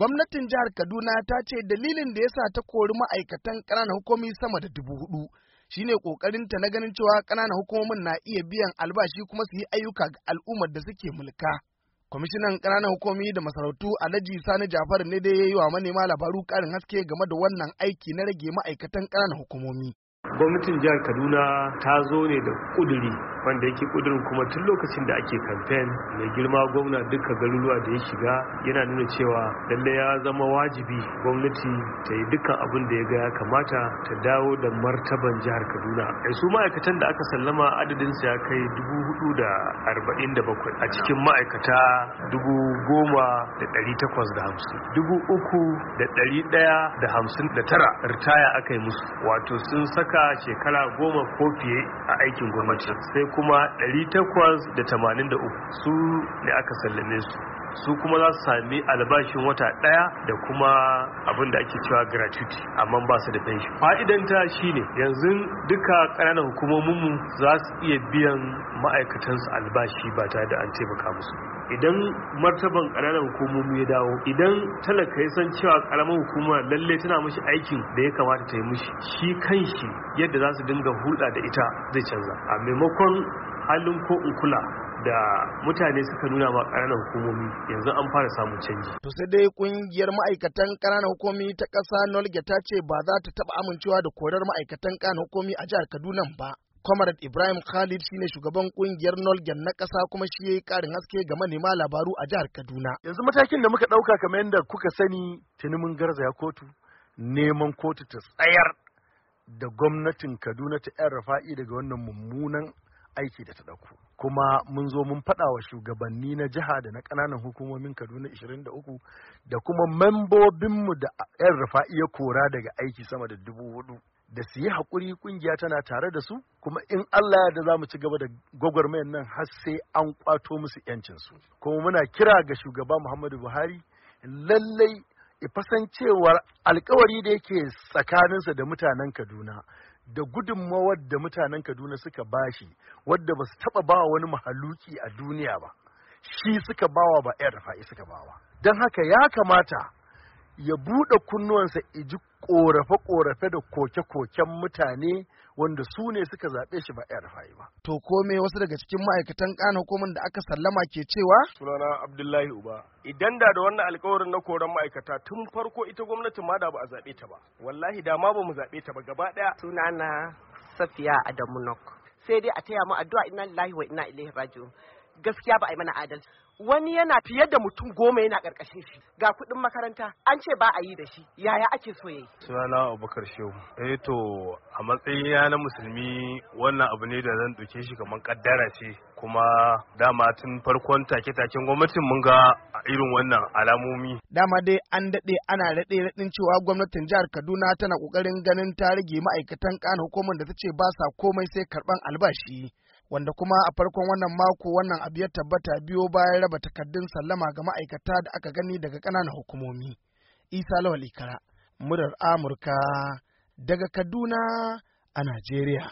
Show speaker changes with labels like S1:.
S1: gwamnatin jihar Kaduna ta ce dalilin da yasa ta kori ma'aikatan ƙananan hukumomi sama da dubu hudu shine ƙoƙarinta na ganin cewa ƙananan hukumomin na iya biyan albashi kuma su yi ayyuka ga al'ummar da suke mulka. Kwamishinan ƙananan hukumomi da masarautu Alhaji Sani Jafar ne dai ya yi wa manema labaru ƙarin haske game da wannan aiki na rage ma'aikatan ƙananan hukumomi.
S2: Gwamnatin jihar Kaduna ta zo ne da ƙuduri wanda yake kudurin kuma tun lokacin da ake kamfen mai girma gwamna duka garuruwa da ya shiga yana nuna cewa lalle ya zama wajibi gwamnati ta yi dukkan abin da ya ga ya kamata ta dawo da martaban jihar kaduna a su ma'aikatan da aka sallama adadin su ya kai dubu a cikin ma'aikata dubu goma da tara ritaya aka yi musu wato sun saka shekara goma ko fiye a aikin gwamnati sai kuma 883 su ne aka sallame su su kuma za su sami albashin wata ɗaya da kuma abin da ake cewa gratuity amma ba su da pension fa'idanta shine yanzu duka ƙananan mu za su iya biyan ma'aikatansu albashi ba tare da an taimaka musu idan martaban ƙananan hukumomi ya dawo idan talaka ya san cewa ƙaramin hukuma lalle tana mashi aikin da ya kamata ta yi mushi shi kan kanshi yadda za su dinga hulɗa da ita zai canza a maimakon halin ko in kula da mutane suka nuna ma ƙananan hukumomi yanzu an fara samun canji.
S1: To sai dai kungiyar ma'aikatan ƙananan hukumomi ta ƙasa Nolge ta ce ba za ta taɓa amincewa da korar ma'aikatan ƙananan hukumomi a jihar Kaduna ba. Comrade Ibrahim Khalid shine shugaban kungiyar Nolgen na kasa kuma shi ya yi ƙarin haske ga manema labaru a jihar Kaduna.
S3: Yanzu matakin da muka ɗauka kamar yadda kuka sani tuni mun garzaya kotu neman kotu ta tsayar da gwamnatin Kaduna ta ‘yan rafa'i daga wannan mummunan aiki da ta ɗauko. Kuma mun zo mun faɗa wa shugabanni na jiha da na ƙananan hukumomin Kaduna 23 da kuma membobinmu da ‘yan rafa'i ya kora daga aiki sama da dubu hudu. da su yi haƙuri ƙungiya tana tare da su kuma in Allah ya da za mu ci gaba da gwagwarmayar nan har sai an ƙwato musu 'yancinsu kuma muna kira ga shugaba Muhammadu Buhari lallai ifasan cewar alkawari da yake tsakaninsa da mutanen Kaduna da gudunmawar da mutanen Kaduna suka bashi wadda ba su taɓa ba wani mahaluki a duniya ba shi suka bawa ba 'yan rafa'i suka bawa don haka ya kamata ya buɗe kunnuwansa iji Ƙorafe ƙorafe da koke-koken
S1: mutane wanda su ne suka zaɓe shi ba yar fayi ba. To kome wasu daga cikin ma'aikatan ƙana hukumar da aka sallama ke cewa? Sunana Abdullahi Uba. Idan da da wannan alkawarin na koran ma'aikata tun farko ita gwamnatin ma da ba a zaɓe ta ba. Wallahi da ma ba mu zaɓe ta ba gaba ɗaya. Sunana Safiya Adamu Nok. Sai dai a taya mu addu'a ina lillahi wa ina ilaihi raji'un. gaskiya ba a yi mana adalci wani yana fiye da mutum goma yana karkashin shi ga kuɗin makaranta an ce ba a yi da shi yaya ake so yayi
S2: sunana abubakar shehu eh to a matsayina na musulmi wannan abu ne da zan ɗauke shi kamar kaddara ce kuma dama tun farkon take-taken gwamnatin mun ga irin wannan alamomi
S1: dama dai an daɗe ana raɗe raɗin cewa gwamnatin jihar kaduna tana ƙoƙarin ganin ta rage ma'aikatan ƙana hukumar da ta ce ba sa komai sai karɓan albashi wanda kuma a farkon wannan mako wannan abu ya tabbata biyo bayan raba takardun sallama ga ma'aikata da aka gani daga ƙananan hukumomi. Isa Lawal Ikara, murar Amurka daga Kaduna a Najeriya.